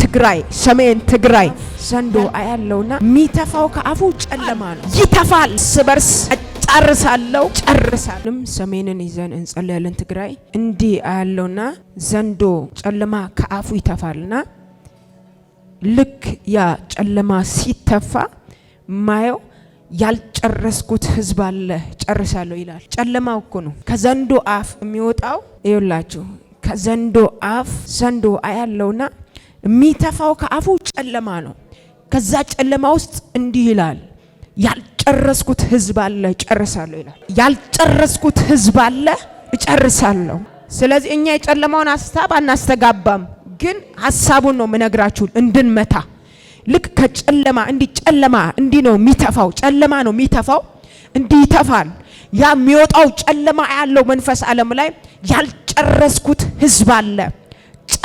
ትግራይ ሰሜን ትግራይ ዘንዶ አያለውና የሚተፋው ከአፉ ጨለማ ነው፣ ይተፋል። ስበርስ ጨርሳለሁ ጨርሳልም። ሰሜንን ይዘን እንጸለያለን። ትግራይ እንዲህ አያለውና ዘንዶ ጨለማ ከአፉ ይተፋልና ልክ ያ ጨለማ ሲተፋ ማየው ያልጨረስኩት ህዝብ አለ ጨርሳለሁ ይላል። ጨለማው እኮ ነው ከዘንዶ አፍ የሚወጣው ይውላችሁ ከዘንዶ አፍ ዘንዶ አያለውና የሚተፋው ከአፉ ጨለማ ነው። ከዛ ጨለማ ውስጥ እንዲህ ይላል፣ ያልጨረስኩት ህዝብ አለ እጨርሳለሁ ይላል። ያልጨረስኩት ህዝብ አለ እጨርሳለሁ። ስለዚህ እኛ የጨለማውን ሀሳብ አናስተጋባም፣ ግን ሀሳቡን ነው ምነግራችሁ እንድንመታ። ልክ ከጨለማ እንዲህ ጨለማ እንዲህ ነው የሚተፋው፣ ጨለማ ነው የሚተፋው፣ እንዲህ ይተፋል። ያ የሚወጣው ጨለማ ያለው መንፈስ ዓለም ላይ ያልጨረስኩት ህዝብ አለ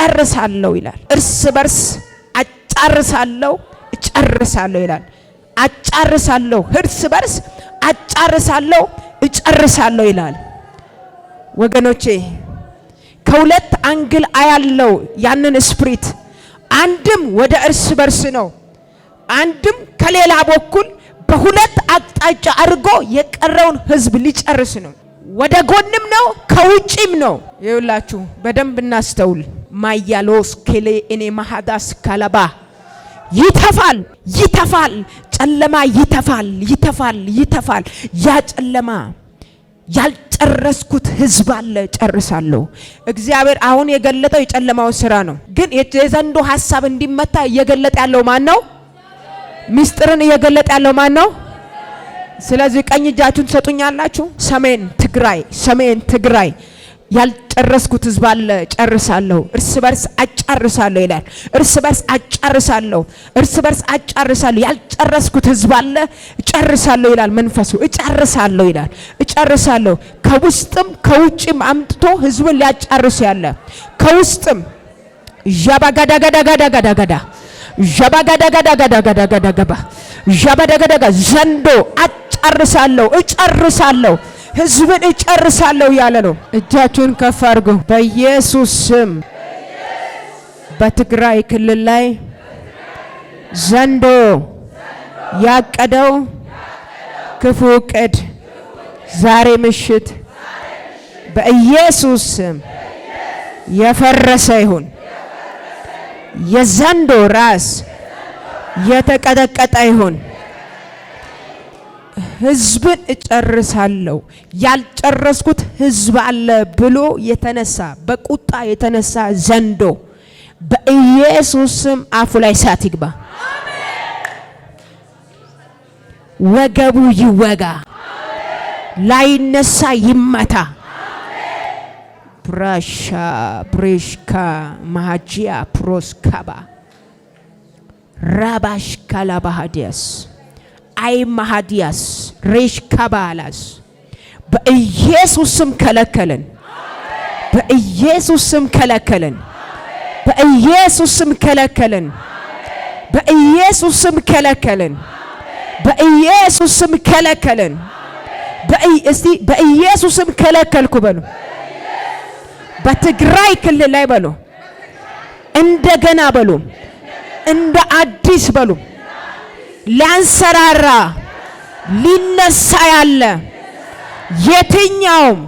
እጨርሳለሁ ይላል። እርስ በርስ አጫርሳለሁ፣ እጨርሳለሁ ይላል። አጫርሳለሁ፣ እርስ በርስ አጫርሳለሁ፣ እጨርሳለሁ ይላል። ወገኖቼ ከሁለት አንግል አያለው ያንን ስፕሪት አንድም ወደ እርስ በርስ ነው፣ አንድም ከሌላ በኩል በሁለት አቅጣጫ አድርጎ የቀረውን ህዝብ ሊጨርስ ነው። ወደ ጎንም ነው፣ ከውጪም ነው። ይውላችሁ በደንብ እናስተውል። ማያሎስ ኬሌ እኔ ማሃዳስ ካላባ ይተፋል፣ ይተፋል፣ ጨለማ ይተፋል፣ ይተፋል፣ ይተፋል። ያ ጨለማ ያልጨረስኩት ህዝብ አለ፣ ጨርሳለሁ። እግዚአብሔር አሁን የገለጠው የጨለማውን ስራ ነው። ግን የዘንዶ ሀሳብ እንዲመታ እየገለጠ ያለው ማን ነው? ሚስጥርን እየገለጠ ያለው ማን ነው? ስለዚህ ቀኝ እጃችሁን ትሰጡኛላችሁ። ሰሜን ትግራይ፣ ሰሜን ትግራይ ያልጨረስኩት ህዝብ አለ፣ ጨርሳለሁ። እርስ በርስ አጫርሳለሁ ይላል። እርስ በርስ አጫርሳለሁ፣ እርስ በርስ አጫርሳለሁ። ያልጨረስኩት ህዝብ አለ፣ ጨርሳለሁ ይላል መንፈሱ። እጨርሳለሁ ይላል፣ እጨርሳለሁ። ከውስጥም ከውጭም አምጥቶ ህዝብን ሊያጫርስ ያለ ከውስጥም ዣባጋዳጋዳጋዳጋዳጋዳ ዣባጋዳጋዳጋዳጋዳጋዳጋባ ዣባዳጋዳጋ ዘንዶ አጫርሳለሁ፣ እጨርሳለሁ ህዝብን እጨርሳለሁ ያለ ነው። እጃችሁን ከፍ አድርጉ። በኢየሱስ ስም በትግራይ ክልል ላይ ዘንዶ ያቀደው ክፉ እቅድ ዛሬ ምሽት በኢየሱስ ስም የፈረሰ ይሁን። የዘንዶ ራስ የተቀጠቀጠ ይሁን። ህዝብን እጨርሳለሁ ያልጨረስኩት ህዝብ አለ ብሎ የተነሳ በቁጣ የተነሳ ዘንዶ በኢየሱስ ስም አፉ ላይ እሳት ይግባ፣ ወገቡ ይወጋ፣ ላይነሳ ይመታ። ብራሻ ብሬሽካ ማጂያ ፕሮስካባ ራባሽ ካላባሃዲያስ አይ ማሃዲያስ ሬሽ ከባላስ በኢየሱስ ስም ከለከልን። በኢየሱስ ስም ከለከልን። በኢየሱስ ስም ከለከልን። በኢየሱስ ስም ከለከልን። በኢየሱስ ስም ከለከልን። እስቲ በኢየሱስ ስም ከለከልኩ በሉ። በትግራይ ክልል ላይ በሉ። እንደገና በሉ። እንደ አዲስ በሉ። ሊያንሰራራ ሊነሳ ያለ የትኛውም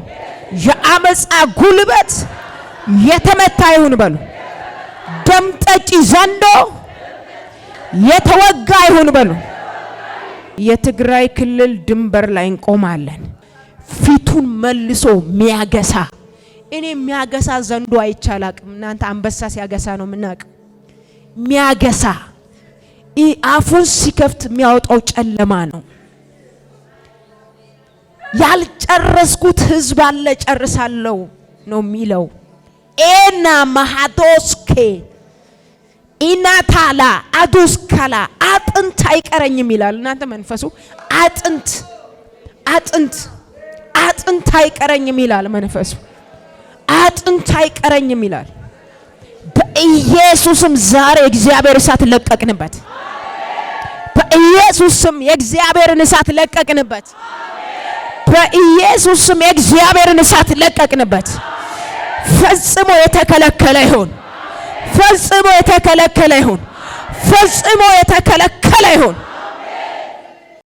የአመፃ ጉልበት የተመታ ይሁን በሉ። ደም ጠጪ ዘንዶ የተወጋ ይሁን በሉ። የትግራይ ክልል ድንበር ላይ እንቆማለን። ፊቱን መልሶ ሚያገሳ እኔ ሚያገሳ ዘንዶ አይቻላቅም እናንተ አንበሳ ሲያገሳ ነው ምናቅ ሚያገሳ አፉን ሲከፍት የሚያወጣው ጨለማ ነው። ያልጨረስኩት ህዝብ አለ ጨርሳለሁ ነው የሚለው። ኤና ማሃዶስኬ ኢናታላ አዶስካላ አጥንት አይቀረኝም ይላል። እናንተ መንፈሱ አጥንት አጥንት አጥንት አይቀረኝም ይላል። መንፈሱ አጥንት አይቀረኝም ይላል። በኢየሱስም ዛሬ እግዚአብሔር እሳት ለቀቅንበት። በኢየሱስ ስም የእግዚአብሔርን እሳት ለቀቅንበት። በኢየሱስ ስም የእግዚአብሔርን እሳት ለቀቅንበት። ፈጽሞ የተከለከለ ይሁን። ፈጽሞ የተከለከለ ይሁን። ፈጽሞ የተከለከለ ይሁን።